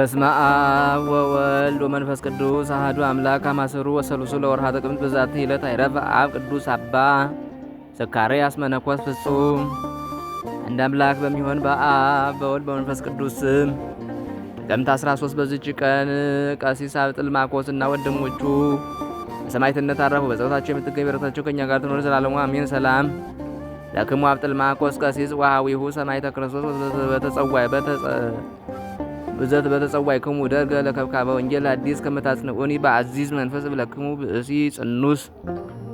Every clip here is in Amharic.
በስመ አብ ወወልድ ወመንፈስ ቅዱስ አህዱ አምላክ አማሰሩ ወሰሉሱ ለወርሃ ጥቅምት በዛት ዕለት አይረፍ አብ ቅዱስ አባ ዘካርያስ መነኮስ ፍጹም። አንድ አምላክ በሚሆን በአብ በወልድ በመንፈስ ቅዱስ ስም ጥቅምት 13 በዚች ቀን ቀሲስ አብጥልማኮስ እና ወንድሞቹ በሰማዕትነት አረፉ። በጸሎታቸው የምትገኝ በረከታቸው ከእኛ ጋር ትኖር ዘላለሙ አሜን። ሰላም ለክሙ አብጥልማኮስ ቀሲስ ወሐዊሁ ሰማዕተ ክርስቶስ በተጸዋይ እዘት በተጸዋይክሙ ደርገ ለከብካበ ወንጌል አዲስ ከመታጽንዑኒ በአዚዝ መንፈስ ብለክሙ ብእሲ ጽኑስ።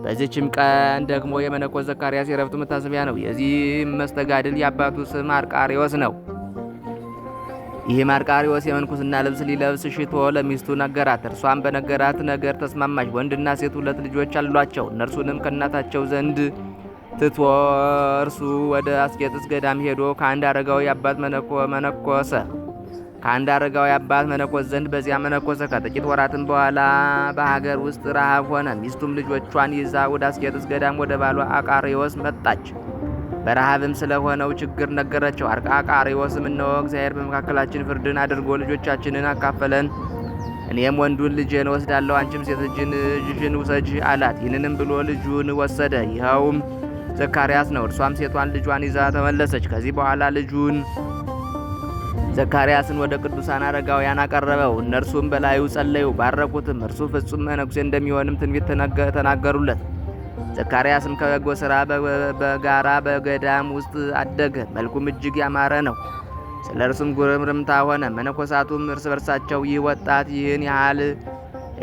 በዚችም ቀን ደግሞ የመነኮስ ዘካርያስ የረፍቱ መታሰቢያ ነው። የዚህም መስተጋድል የአባቱ ስም አርቃሪዎስ ነው። ይህም አርቃሪዎስ የመንኩስና ልብስ ሊለብስ ሽቶ ለሚስቱ ነገራት። እርሷም በነገራት ነገር ተስማማች። ወንድና ሴት ሁለት ልጆች አሏቸው። እነርሱንም ከእናታቸው ዘንድ ትቶ እርሱ ወደ አስቄጥስ ገዳም ሄዶ ከአንድ አረጋዊ አባት መነኮሰ። ከአንድ አረጋዊ አባት መነኮስ ዘንድ በዚያ መነኮሰ። ከጥቂት ወራትም በኋላ በሀገር ውስጥ ረሃብ ሆነ። ሚስቱም ልጆቿን ይዛ ወደ አስቄጥስ ገዳም ወደ ባሏ አቃሪዎስ መጣች። በረሃብም ስለሆነው ችግር ነገረችው። አቃሪዎስም እነሆ እግዚአብሔር በመካከላችን ፍርድን አድርጎ ልጆቻችንን አካፈለን እኔም ወንዱን ልጅን ወስዳለሁ፣ አንቺም ሴት ልጅሽን ውሰጅ አላት። ይህንንም ብሎ ልጁን ወሰደ። ይኸውም ዘካርያስ ነው። እርሷም ሴቷን ልጇን ይዛ ተመለሰች። ከዚህ በኋላ ልጁን ዘካርያስን ወደ ቅዱሳን አረጋውያን አቀረበው። እነርሱም በላዩ ጸለዩ፣ ባረኩትም። እርሱ ፍጹም መነኩሴ እንደሚሆንም ትንቢት ተናገሩለት። ዘካርያስም ከበጎ ሥራ በጋራ በገዳም ውስጥ አደገ። መልኩም እጅግ ያማረ ነው። ስለ እርሱም ጉርምርምታ ሆነ። መነኮሳቱም እርስ በርሳቸው ይህ ወጣት ይህን ያህል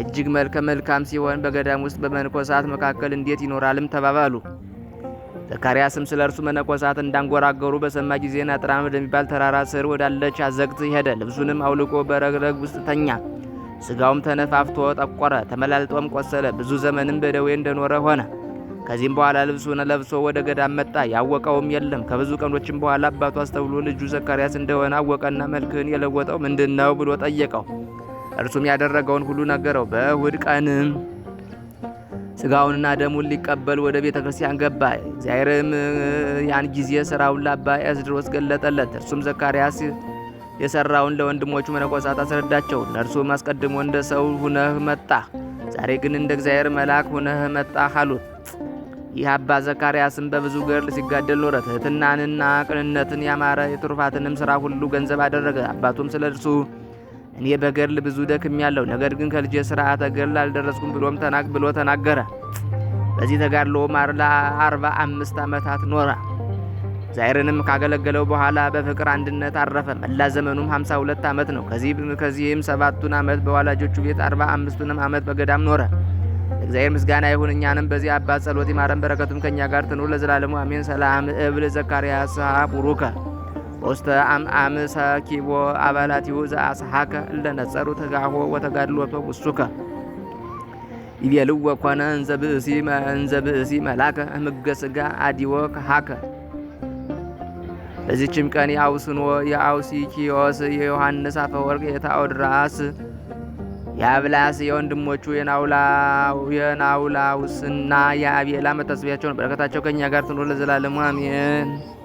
እጅግ መልከ መልካም ሲሆን በገዳም ውስጥ በመነኮሳት መካከል እንዴት ይኖራልም ተባባሉ። ዘካርያስም ስለ እርሱ መነኮሳት እንዳንጎራገሩ በሰማ ጊዜ ናጥራም ወደሚባል ተራራ ስር ወዳለች አዘግት ሄደ። ልብሱንም አውልቆ በረግረግ ውስጥ ተኛ። ስጋውም ተነፋፍቶ ጠቆረ፣ ተመላልጦም ቆሰለ። ብዙ ዘመንም በደዌ እንደኖረ ሆነ። ከዚህም በኋላ ልብሱን ለብሶ ወደ ገዳም መጣ፣ ያወቀውም የለም። ከብዙ ቀኖችም በኋላ አባቱ አስተውሎ ልጁ ዘካርያስ እንደሆነ አወቀና መልክህን የለወጠው ምንድን ነው ብሎ ጠየቀው። እርሱም ያደረገውን ሁሉ ነገረው። በእሁድ ቀንም ስጋውንና ደሙን ሊቀበል ወደ ቤተ ክርስቲያን ገባ። እግዚአብሔርም ያን ጊዜ ስራውን ለአባ ኤስድሮስ ገለጠለት። እርሱም ዘካርያስ የሰራውን ለወንድሞቹ መነኮሳት አስረዳቸው። እነርሱም አስቀድሞ እንደ ሰው ሁነህ መጣ፣ ዛሬ ግን እንደ እግዚአብሔር መልአክ ሁነህ መጣ አሉት። ይህ አባ ዘካርያስም በብዙ ገድል ሲጋደል ኖረ። ትህትናንና ቅንነትን ያማረ የትሩፋትንም ስራ ሁሉ ገንዘብ አደረገ። አባቱም ስለ እርሱ እኔ በገድል ብዙ ደክሜያለሁ፣ ነገር ግን ከልጄ ስርዓተ ገድል አልደረስኩም ብሎም ተናግ ብሎ ተናገረ። በዚህ ተጋድሎ ለአርባ አምስት ዓመታት ኖረ። ዛይርንም ካገለገለው በኋላ በፍቅር አንድነት አረፈ። መላ ዘመኑም 52 ዓመት ነው። ከዚህም ሰባቱን ዓመት በወላጆቹ ቤት፣ አርባ አምስቱንም ዓመት በገዳም ኖረ። እግዚአብሔር ምስጋና ይሁን። እኛንም በዚህ አባት ጸሎት ይማረን፣ በረከቱም ከእኛ ጋር ትኑር ለዘላለሙ አሜን። ሰላም እብል ዘካርያስ ቡሩከ ውስተ ኪቦ አባላት ዘአስሐከ እለ ነጸሩ ተጋሆ ወተጋድሎቶ ውሱከ ይቤልዎ ኮነ እንዘ ብእሲ መላከ እምገ ሥጋ አዲወ ከሃከ። በዚችም ቀን የአውስኖ ኪዮስ የዮሐንስ አፈወርቅ የታኦድራስ የአብላስ የወንድሞቹ የናውላውስና የአቤላ መታሰቢያቸው ነው። በረከታቸው ከእኛ ጋር ትኑር ለዘላለሙ አሜን።